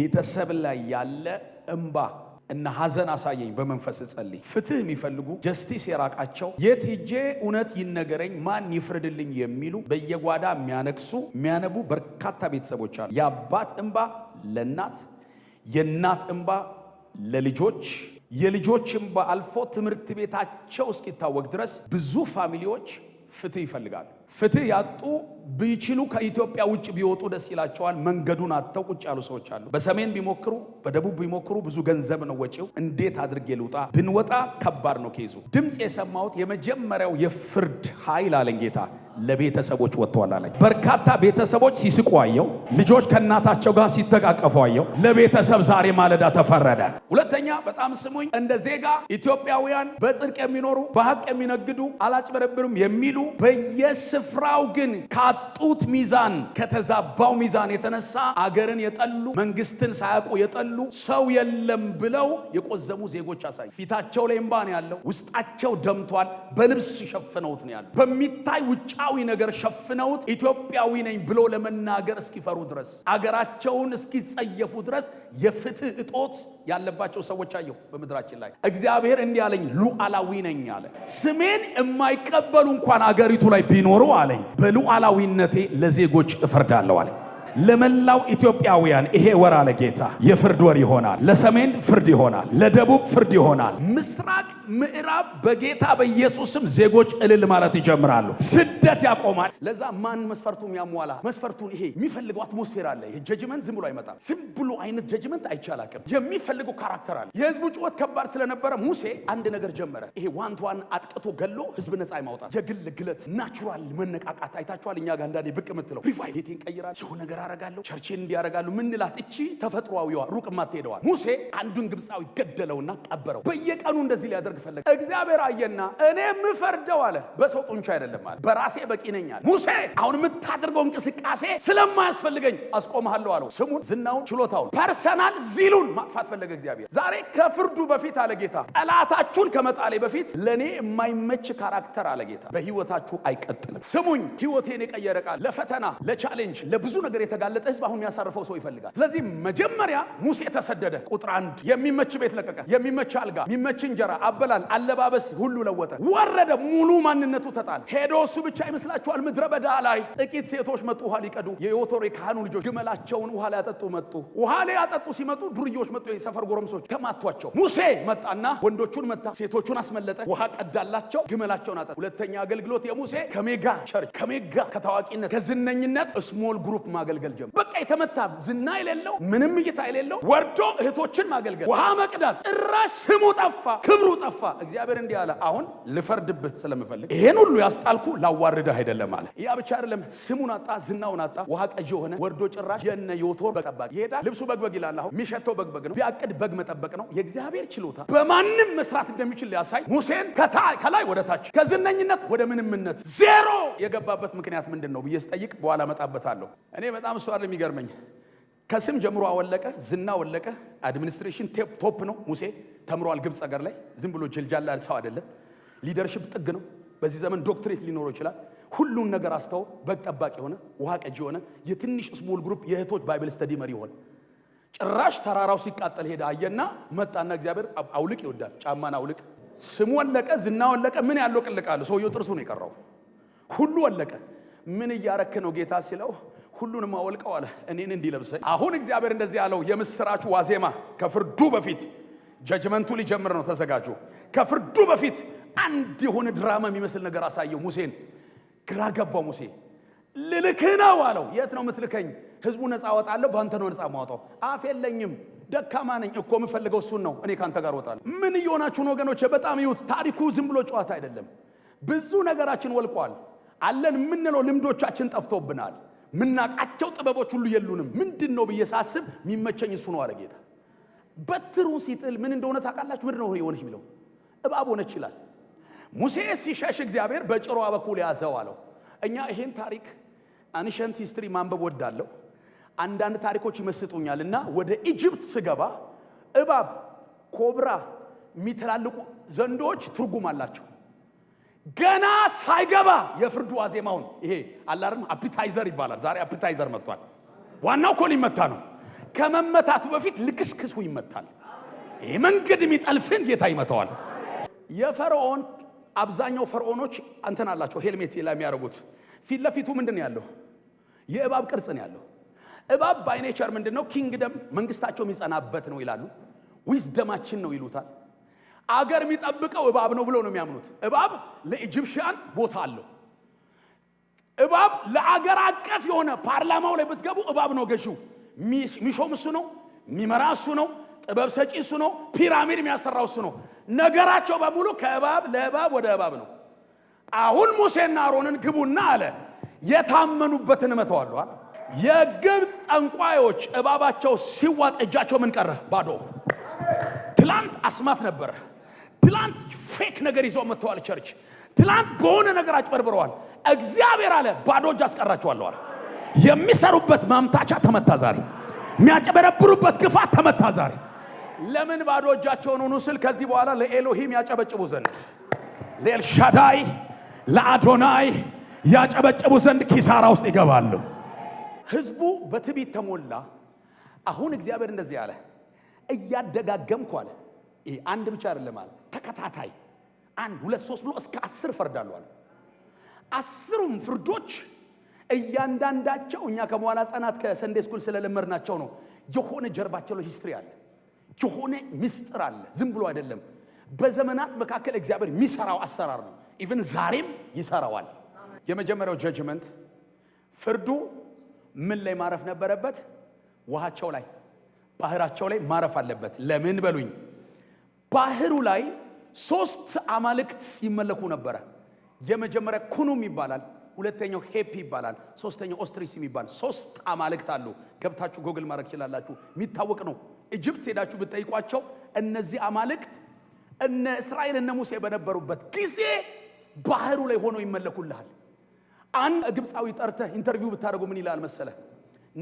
ቤተሰብ ላይ ያለ እምባ እና ሐዘን አሳየኝ። በመንፈስ ጸልይ። ፍትህ የሚፈልጉ ጀስቲስ የራቃቸው የት ሄጄ እውነት ይነገረኝ ማን ይፍርድልኝ የሚሉ በየጓዳ የሚያነግሱ የሚያነቡ በርካታ ቤተሰቦች አሉ። የአባት እምባ ለእናት የእናት እምባ ለልጆች የልጆች እምባ አልፎ ትምህርት ቤታቸው እስኪታወቅ ድረስ ብዙ ፋሚሊዎች ፍትህ ይፈልጋሉ። ፍትህ ያጡ ቢችሉ ከኢትዮጵያ ውጭ ቢወጡ ደስ ይላቸዋል። መንገዱን አጥተው ቁጭ ያሉ ሰዎች አሉ። በሰሜን ቢሞክሩ፣ በደቡብ ቢሞክሩ ብዙ ገንዘብ ነው ወጪው። እንዴት አድርጌ ልውጣ? ብንወጣ ከባድ ነው ኬዙ። ድምፅ የሰማሁት የመጀመሪያው የፍርድ ኃይል አለኝ ጌታ ለቤተሰቦች ወጥቷል አለኝ። በርካታ ቤተሰቦች ሲስቁ አየው። ልጆች ከእናታቸው ጋር ሲተቃቀፉ አየው። ለቤተሰብ ዛሬ ማለዳ ተፈረደ። ሁለተኛ በጣም ስሙኝ፣ እንደ ዜጋ ኢትዮጵያውያን በጽድቅ የሚኖሩ በሀቅ የሚነግዱ አላጭበረብርም የሚሉ በየስ ስፍራው ግን ካጡት ሚዛን ከተዛባው ሚዛን የተነሳ አገርን የጠሉ መንግስትን ሳያውቁ የጠሉ ሰው የለም ብለው የቆዘሙ ዜጎች አሳይ። ፊታቸው ላይ እምባ ነው ያለው፣ ውስጣቸው ደምቷል። በልብስ ሸፍነውት ነው ያለው። በሚታይ ውጫዊ ነገር ሸፍነውት ኢትዮጵያዊ ነኝ ብሎ ለመናገር እስኪፈሩ ድረስ አገራቸውን እስኪጸየፉ ድረስ የፍትህ እጦት ያለባቸው ሰዎች አየሁ በምድራችን ላይ። እግዚአብሔር እንዲህ አለኝ፣ ሉዓላዊ ነኝ አለ። ስሜን የማይቀበሉ እንኳን አገሪቱ ላይ ቢኖሩ አለኝ፣ በሉዓላዊነቴ ለዜጎች እፈርዳለሁ አለኝ። ለመላው ኢትዮጵያውያን ይሄ ወር አለ ጌታ የፍርድ ወር ይሆናል። ለሰሜን ፍርድ ይሆናል፣ ለደቡብ ፍርድ ይሆናል። ምስራቅ ምዕራብ በጌታ በኢየሱስም ዜጎች እልል ማለት ይጀምራሉ። ስደት ያቆማል። ለዛ ማን መስፈርቱ ያሟላ መስፈርቱን ይሄ የሚፈልገው አትሞስፌር አለ። ይሄ ጀጅመንት ዝም ብሎ አይመጣም። ዝም ብሎ አይነት ጀጅመንት አይቻላቅም። የሚፈልገው ካራክተር አለ። የህዝቡ ጩኸት ከባድ ስለነበረ ሙሴ አንድ ነገር ጀመረ። ይሄ ዋን ዋን አጥቅቶ ገሎ ህዝብ ነፃ ማውጣት የግል ግለት ናቹራል መነቃቃት አይታችኋል። እኛ ጋር አንዳንዴ ብቅ የምትለው ሪቫይቭ ቤቴን ቀይራል የሆነ ነገር አረጋለሁ፣ ቸርቼን እንዲህ ምን እቺ ተፈጥሯዊዋ ሩቅ ማትሄደዋል። ሙሴ አንዱን ግብፃዊ ገደለውና ቀበረው። በየቀኑ እንደዚህ ሊያደርግ ፈለገ። እግዚአብሔር አየና እኔ የምፈርደው አለ በሰው ጡንቻ አይደለም አለ በራሴ በቂ ነኝ አለ። ሙሴ አሁን የምታደርገው እንቅስቃሴ ስለማያስፈልገኝ አስቆምሃለሁ አለው። ስሙን፣ ዝናውን፣ ችሎታውን፣ ፐርሰናል ዚሉን ማጥፋት ፈለገ እግዚአብሔር። ዛሬ ከፍርዱ በፊት አለ ጌታ ጠላታችሁን ከመጣሌ በፊት ለእኔ የማይመች ካራክተር አለ ጌታ በህይወታችሁ አይቀጥልም። ስሙኝ፣ ህይወቴን የቀየረ ቃል ለፈተና ለቻሌንጅ ለብዙ ነገር የተጋለጠ ህዝብ አሁን የሚያሳርፈው ሰው ይፈልጋል። ስለዚህ መጀመሪያ ሙሴ ተሰደደ። ቁጥር አንድ የሚመች ቤት ለቀቀ፣ የሚመች አልጋ፣ የሚመች እንጀራ፣ አበላል፣ አለባበስ ሁሉ ለወጠ። ወረደ፣ ሙሉ ማንነቱ ተጣለ። ሄዶ እሱ ብቻ ይመስላችኋል? ምድረ በዳ ላይ ጥቂት ሴቶች መጡ ውሃ ሊቀዱ። የዮቶር የካህኑ ልጆች ግመላቸውን ውሃ ላይ ያጠጡ መጡ። ውሃ ላይ ያጠጡ ሲመጡ ዱርዮች መጡ፣ የሰፈር ጎረምሶች ተማቷቸው። ሙሴ መጣና ወንዶቹን መታ፣ ሴቶቹን አስመለጠ፣ ውሃ ቀዳላቸው፣ ግመላቸውን አጠጡ። ሁለተኛ አገልግሎት የሙሴ ከሜጋ ቸርች ከሜጋ ከታዋቂነት ከዝነኝነት ስሞል ግሩፕ ማገልግ ማገልገል ጀመረ። በቃ የተመታ ዝና የሌለው ምንም እይታ የሌለው ወርዶ እህቶችን ማገልገል፣ ውሃ መቅዳት፣ ጭራሽ ስሙ ጠፋ፣ ክብሩ ጠፋ። እግዚአብሔር እንዲህ አለ፣ አሁን ልፈርድብህ ስለምፈልግ ይሄን ሁሉ ያስጣልኩ ላዋርድህ አይደለም አለ። ያ ብቻ አይደለም፣ ስሙን አጣ፣ ዝናውን አጣ፣ ውሃ ቀዥ የሆነ ወርዶ ጭራሽ የነ ዮቶር ጠባቂ ይሄዳል። ልብሱ በግበግ ይላል። አሁን የሚሸተው በግበግ ነው፣ ቢያቅድ በግ መጠበቅ ነው። የእግዚአብሔር ችሎታ በማንም መስራት እንደሚችል ሊያሳይ ሙሴን ከላይ ወደ ታች ከዝነኝነት ወደ ምንምነት ዜሮ የገባበት ምክንያት ምንድን ነው ብዬ ስጠይቅ በኋላ እመጣበታለሁ እኔ በጣም በጣም እሱ አለ የሚገርመኝ። ከስም ጀምሮ አወለቀ፣ ዝና ወለቀ፣ አድሚኒስትሬሽን ቶፕ ነው። ሙሴ ተምሯል ግብፅ ሀገር ላይ ዝም ብሎ ጅልጃላ ሰው አይደለም። ሊደርሽፕ ጥግ ነው። በዚህ ዘመን ዶክትሬት ሊኖረው ይችላል። ሁሉን ነገር አስተው በግ ጠባቂ የሆነ ውሃ ቀጅ የሆነ የትንሽ ስሞል ግሩፕ የእህቶች ባይብል ስተዲ መሪ ሆነ። ጭራሽ ተራራው ሲቃጠል ሄደ አየና መጣና እግዚአብሔር አውልቅ ይወዳል፣ ጫማን አውልቅ። ስሙ ወለቀ፣ ዝና ወለቀ፣ ምን ያለው ቅልቃለሁ ሰውየው ጥርሱ ነው የቀረው፣ ሁሉ ወለቀ። ምን እያረክ ነው ጌታ ሲለው ሁሉንም አወልቀው አለ እኔን እንዲለብሰኝ። አሁን እግዚአብሔር እንደዚህ ያለው የምስራቹ ዋዜማ ከፍርዱ በፊት ጀጅመንቱ ሊጀምር ነው። ተዘጋጁ። ከፍርዱ በፊት አንድ የሆነ ድራማ የሚመስል ነገር አሳየው ሙሴን። ግራ ገባው ሙሴ። ልልክህ ነው አለው። የት ነው የምትልከኝ? ህዝቡ ነፃ ወጣለሁ፣ በአንተ ነው ነፃ ማወጣው። አፍ የለኝም ደካማ ነኝ እኮ የምፈልገው እሱን ነው። እኔ ከአንተ ጋር ወጣለሁ። ምን እየሆናችሁን ወገኖች? በጣም ይዩት። ታሪኩ ዝም ብሎ ጨዋታ አይደለም። ብዙ ነገራችን ወልቋል። አለን የምንለው ልምዶቻችን ጠፍቶብናል። ምናቃቸው ጥበቦች ሁሉ የሉንም። ምንድን ነው ብዬ ሳስብ የሚመቸኝ እሱ ነው አለ ጌታ። በትሩን ሲጥል ምን እንደሆነ ታውቃላችሁ? ምንድን ነው የሆነች የሚለው እባብ ሆነች ይላል። ሙሴ ሲሸሽ እግዚአብሔር በጭሯ በኩል ያዘው አለው። እኛ ይሄን ታሪክ አንሸንት ሂስትሪ ማንበብ ወዳለሁ። አንዳንድ ታሪኮች ይመስጡኛል እና ወደ ኢጅፕት ስገባ እባብ፣ ኮብራ የሚተላልቁ ዘንዶች ትርጉም አላቸው። ገና ሳይገባ የፍርዱ ዋዜማውን ይሄ አላርም አፕታይዘር ይባላል። ዛሬ አፕታይዘር መጥቷል። ዋናው እኮ ሊመታ ነው። ከመመታቱ በፊት ልክስክሱ ይመታል። ይህ መንገድ የሚጠልፍን ጌታ ይመታዋል። የፈርዖን አብዛኛው ፈርዖኖች እንትን አላቸው፣ ሄልሜት ላይ የሚያደርጉት ፊት ለፊቱ ምንድን ነው ያለው? የእባብ ቅርጽ ነው ያለው። እባብ ባይኔቸር ምንድን ነው? ኪንግደም መንግስታቸው የሚጸናበት ነው ይላሉ። ዊዝደማችን ነው ይሉታል። አገር የሚጠብቀው እባብ ነው ብሎ ነው የሚያምኑት። እባብ ለኢጅፕሽያን ቦታ አለው። እባብ ለአገር አቀፍ የሆነ ፓርላማው ላይ ብትገቡ እባብ ነው ገዢው። ሚሾም እሱ ነው፣ የሚመራ እሱ ነው፣ ጥበብ ሰጪ እሱ ነው፣ ፒራሚድ የሚያሰራው እሱ ነው። ነገራቸው በሙሉ ከእባብ ለእባብ ወደ እባብ ነው። አሁን ሙሴና አሮንን ግቡና አለ የታመኑበትን እመተዋሉ አለ። የግብፅ ጠንቋዮች እባባቸው ሲዋጥ እጃቸው ምን ቀረ? ባዶ። ትላንት አስማት ነበረ ትላንት ፌክ ነገር ይዘው መጥተዋል። ቸርች ትላንት በሆነ ነገር አጭበርብረዋል። እግዚአብሔር አለ ባዶ እጅ አስቀራቸዋለዋል። የሚሰሩበት ማምታቻ ተመታ ዛሬ። የሚያጨበረብሩበት ክፋት ተመታ ዛሬ። ለምን ባዶ እጃቸውን ሆኑ ስል ከዚህ በኋላ ለኤሎሂም ያጨበጭቡ ዘንድ ለኤልሻዳይ ለአዶናይ ያጨበጭቡ ዘንድ ኪሳራ ውስጥ ይገባሉ። ህዝቡ በትቢት ተሞላ። አሁን እግዚአብሔር እንደዚህ አለ እያደጋገምኩ አለ አንድ ብቻ አይደለም አለ፣ ተከታታይ አንድ ሁለት ሶስት ብሎ እስከ አስር ፈርዳሉ አለ። አስሩም ፍርዶች እያንዳንዳቸው እኛ ከመዋላ ህጻናት ከሰንዴ ስኩል ስለለመድናቸው ነው። የሆነ ጀርባቸው ላይ ሂስትሪ አለ፣ የሆነ ምስጢር አለ። ዝም ብሎ አይደለም። በዘመናት መካከል እግዚአብሔር የሚሰራው አሰራር ነው። ኢቨን ዛሬም ይሰራዋል። የመጀመሪያው ጀጅመንት ፍርዱ ምን ላይ ማረፍ ነበረበት? ውሃቸው ላይ ባህራቸው ላይ ማረፍ አለበት። ለምን በሉኝ ባህሩ ላይ ሶስት አማልክት ይመለኩ ነበረ። የመጀመሪያ ኩኑም ይባላል፣ ሁለተኛው ሄፕ ይባላል፣ ሶስተኛው ኦስትሪስ የሚባል ሶስት አማልክት አሉ። ገብታችሁ ጎግል ማድረግ ይችላላችሁ። የሚታወቅ ነው። ኢጅፕት ሄዳችሁ ብትጠይቋቸው እነዚህ አማልክት እነ እስራኤል እነ ሙሴ በነበሩበት ጊዜ ባህሩ ላይ ሆነው ይመለኩልሃል። አንድ ግብፃዊ ጠርተህ ኢንተርቪው ብታደርጉ ምን ይላል መሰለ?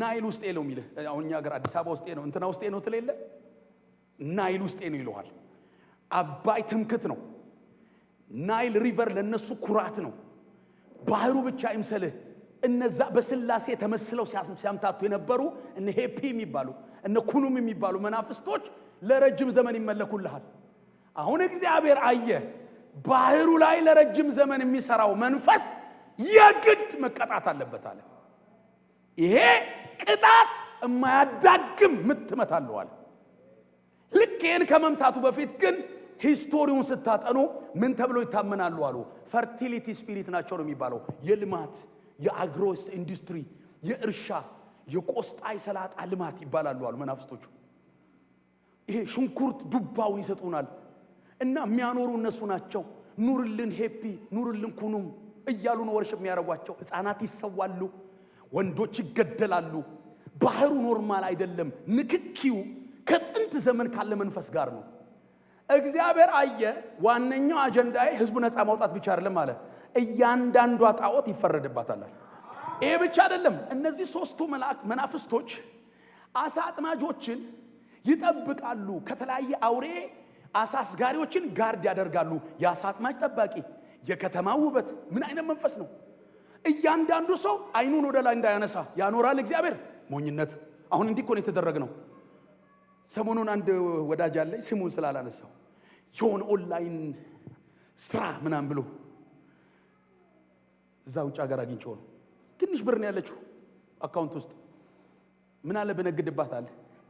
ናይል ውስጤ ነው የሚልህ። አሁን እኛ ሀገር አዲስ አበባ ውስጤ ነው እንትና ውስጤ ነው ትሌለ ናይል ውስጤ ነው ይለዋል። አባይ ትምክት ነው። ናይል ሪቨር ለነሱ ኩራት ነው። ባህሩ ብቻ ይምሰልህ። እነዛ በስላሴ ተመስለው ሲያምታቱ የነበሩ እነ ሄፒ የሚባሉ እነ ኩሉም የሚባሉ መናፍስቶች ለረጅም ዘመን ይመለኩልሃል። አሁን እግዚአብሔር አየ ባህሩ ላይ ለረጅም ዘመን የሚሰራው መንፈስ የግድ መቀጣት አለበት አለ። ይሄ ቅጣት የማያዳግም ምት እመታለሁ አለ። ልክ ይህን ከመምታቱ በፊት ግን ሂስቶሪውን ስታጠኑ ምን ተብሎ ይታመናሉ አሉ? ፈርቲሊቲ ስፒሪት ናቸው ነው የሚባለው። የልማት የአግሮስ ኢንዱስትሪ የእርሻ የቆስጣ የሰላጣ ልማት ይባላሉ አሉ መናፍስቶቹ። ይሄ ሽንኩርት ዱባውን ይሰጡናል እና የሚያኖሩ እነሱ ናቸው። ኑርልን ሄፒ ኑርልን ኩኑም እያሉ ነው ወርሽ የሚያደርጓቸው። ህፃናት ይሰዋሉ፣ ወንዶች ይገደላሉ። ባህሩ ኖርማል አይደለም። ንክኪው ከጥንት ዘመን ካለ መንፈስ ጋር ነው። እግዚአብሔር አየ። ዋነኛው አጀንዳ ህዝቡ ነፃ ማውጣት ብቻ አይደለም አለ። እያንዳንዷ ጣዖት ይፈረድባታል። ይሄ ብቻ አይደለም። እነዚህ ሶስቱ መናፍስቶች አሳ አጥማጆችን ይጠብቃሉ። ከተለያየ አውሬ አሳ አስጋሪዎችን ጋርድ ያደርጋሉ። የአሳ አጥማጅ ጠባቂ፣ የከተማ ውበት ምን አይነት መንፈስ ነው? እያንዳንዱ ሰው አይኑን ወደ ላይ እንዳያነሳ ያኖራል እግዚአብሔር። ሞኝነት! አሁን እንዲህ እኮ ነው የተደረግ ነው። ሰሞኑን አንድ ወዳጅ አለኝ ስሙን ስላላነሳው የሆነ ኦንላይን ስራ ምናምን ብሎ እዛ ውጭ ሀገር አግኝቼው ነው። ትንሽ ብር ነው ያለችው አካውንት ውስጥ ምን አለ ብነግድባት አለ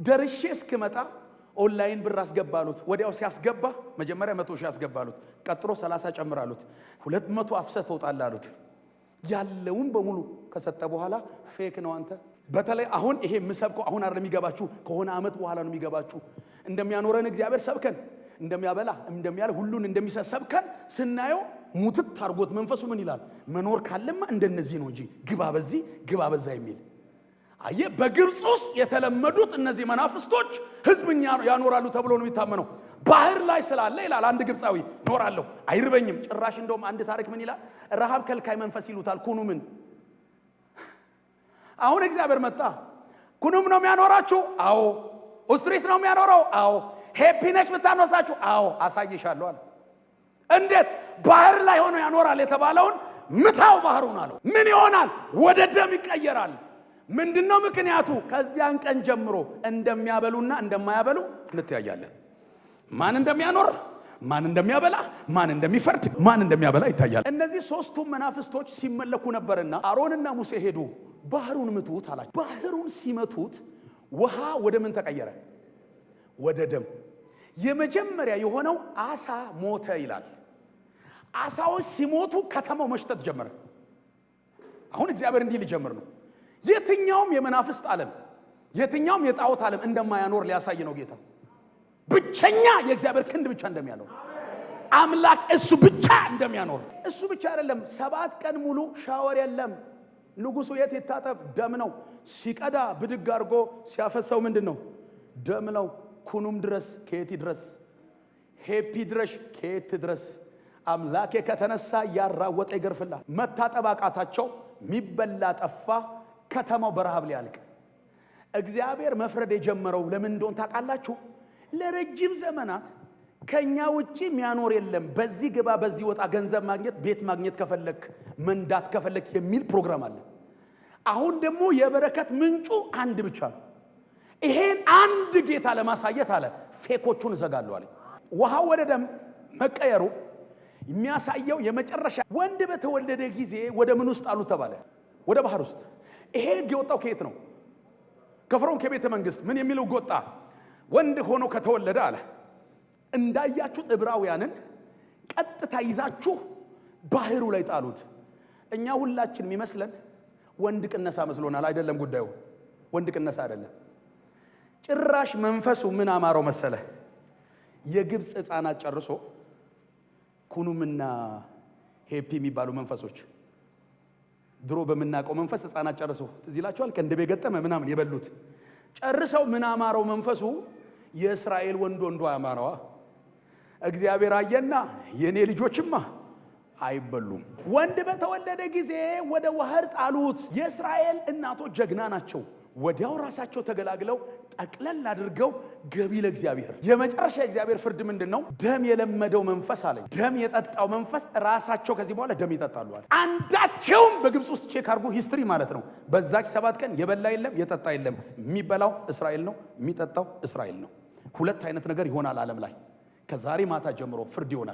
ደርሼ እስክመጣ ኦንላይን ብር አስገባ አሉት። ወዲያው ሲያስገባ መጀመሪያ መቶ ሺህ አስገባ አሉት። ቀጥሮ ሰላሳ ጨምር አሉት። ሁለት መቶ አፍሰት ትወጣለህ አሉት። ያለውን በሙሉ ከሰጠ በኋላ ፌክ ነው አንተ በተለይ አሁን ይሄ የምሰብከው አሁን አይደለም የሚገባችሁ፣ ከሆነ ዓመት በኋላ ነው የሚገባችሁ። እንደሚያኖረን እግዚአብሔር ሰብከን እንደሚያበላ እንደሚያለ ሁሉን እንደሚሰጥ ሰብከን ስናየው ሙትት አድርጎት መንፈሱ ምን ይላል? መኖር ካለማ እንደነዚህ ነው እንጂ ግባ በዚህ ግባ በዛ የሚል አየ። በግብፅ ውስጥ የተለመዱት እነዚህ መናፍስቶች ህዝብ ያኖራሉ ተብሎ ነው የሚታመነው። ባህር ላይ ስላለ ይላል አንድ ግብፃዊ ኖራለሁ አይርበኝም። ጭራሽ እንደውም አንድ ታሪክ ምን ይላል? ረሃብ ከልካይ መንፈስ ይሉታል ኩኑ ምን አሁን እግዚአብሔር መጣ። ኩኑም ነው የሚያኖራችሁ? አዎ። ኡስትሪስ ነው የሚያኖረው? አዎ። ሄፒነች ብታነሳችሁ? አዎ። አሳይሻለሁ አለ። እንዴት ባህር ላይ ሆኖ ያኖራል የተባለውን ምታው ባህሩን አለው። ምን ይሆናል? ወደ ደም ይቀየራል። ምንድን ነው ምክንያቱ? ከዚያን ቀን ጀምሮ እንደሚያበሉና እንደማያበሉ እንትያያለን። ማን እንደሚያኖር ማን እንደሚያበላ ማን እንደሚፈርድ ማን እንደሚያበላ ይታያል። እነዚህ ሶስቱም መናፍስቶች ሲመለኩ ነበርና አሮንና ሙሴ ሄዱ። ባህሩን ምቱት አላቸው። ባህሩን ሲመቱት ውሃ ወደ ምን ተቀየረ? ወደ ደም። የመጀመሪያ የሆነው አሳ ሞተ ይላል። አሳዎች ሲሞቱ ከተማው መሽተት ጀመረ። አሁን እግዚአብሔር እንዲህ ሊጀምር ነው። የትኛውም የመናፍስት ዓለም የትኛውም የጣዖት ዓለም እንደማያኖር ሊያሳይ ነው ጌታ። ብቸኛ የእግዚአብሔር ክንድ ብቻ እንደሚያኖር አምላክ እሱ ብቻ እንደሚያኖር እሱ ብቻ አይደለም። ሰባት ቀን ሙሉ ሻወር የለም። ንጉሱ የት ይታጠብ? ደም ነው። ሲቀዳ ብድግ አድርጎ ሲያፈሰው ምንድን ነው? ደም ነው። ኩኑም ድረስ ከየት ድረስ ሄፒ ድረሽ ከየት ድረስ አምላኬ ከተነሳ ያራወጠ ይገርፍላል። መታጠብ አቃታቸው፣ ሚበላ ጠፋ፣ ከተማው በረሃብ ሊያልቅ። እግዚአብሔር መፍረድ የጀመረው ለምን እንደሆን ታውቃላችሁ? ለረጅም ዘመናት ከኛ ውጪ የሚያኖር የለም። በዚህ ግባ፣ በዚህ ወጣ፣ ገንዘብ ማግኘት፣ ቤት ማግኘት ከፈለክ፣ መንዳት ከፈለክ የሚል ፕሮግራም አለ። አሁን ደግሞ የበረከት ምንጩ አንድ ብቻ ነው። ይሄን አንድ ጌታ ለማሳየት አለ ፌኮቹን እዘጋለሁ አለ። ውሃው ወደ ደም መቀየሩ የሚያሳየው የመጨረሻ ወንድ በተወለደ ጊዜ ወደ ምን ውስጥ አሉ ተባለ? ወደ ባህር ውስጥ። ይሄ ህግ የወጣው ከየት ነው? ከፈርዖን ከቤተ መንግስት። ምን የሚለው ጎጣ ወንድ ሆኖ ከተወለደ አለ እንዳያችሁት ዕብራውያንን ቀጥታ ይዛችሁ ባህሩ ላይ ጣሉት። እኛ ሁላችን የሚመስለን ወንድ ቅነሳ መስሎናል። አይደለም ጉዳዩ ወንድ ቅነሳ አይደለም። ጭራሽ መንፈሱ ምን አማረው መሰለ የግብፅ ሕፃናት ጨርሶ ኩኑምና ሄፒ የሚባሉ መንፈሶች ድሮ በምናውቀው መንፈስ ህፃናት ጨርሶ ትዝ ይላቸዋል። ከእንደቤ ገጠመ ምናምን የበሉት ጨርሰው ምን አማረው መንፈሱ የእስራኤል ወንድ ወንዱ አማረዋ እግዚአብሔር አየና የእኔ ልጆችማ አይበሉም። ወንድ በተወለደ ጊዜ ወደ ዋህር ጣሉት። የእስራኤል እናቶች ጀግና ናቸው። ወዲያው ራሳቸው ተገላግለው ጠቅለል አድርገው ገቢ ለእግዚአብሔር። የመጨረሻ የእግዚአብሔር ፍርድ ምንድን ነው? ደም የለመደው መንፈስ አለኝ። ደም የጠጣው መንፈስ ራሳቸው ከዚህ በኋላ ደም ይጠጣሉ አለ። አንዳቸውም በግብፅ ውስጥ ቼክ አድርጉ፣ ሂስትሪ ማለት ነው። በዛች ሰባት ቀን የበላ የለም የጠጣ የለም። የሚበላው እስራኤል ነው፣ የሚጠጣው እስራኤል ነው። ሁለት አይነት ነገር ይሆናል ዓለም ላይ ከዛሬ ማታ ጀምሮ ፍርድ ይሆናል።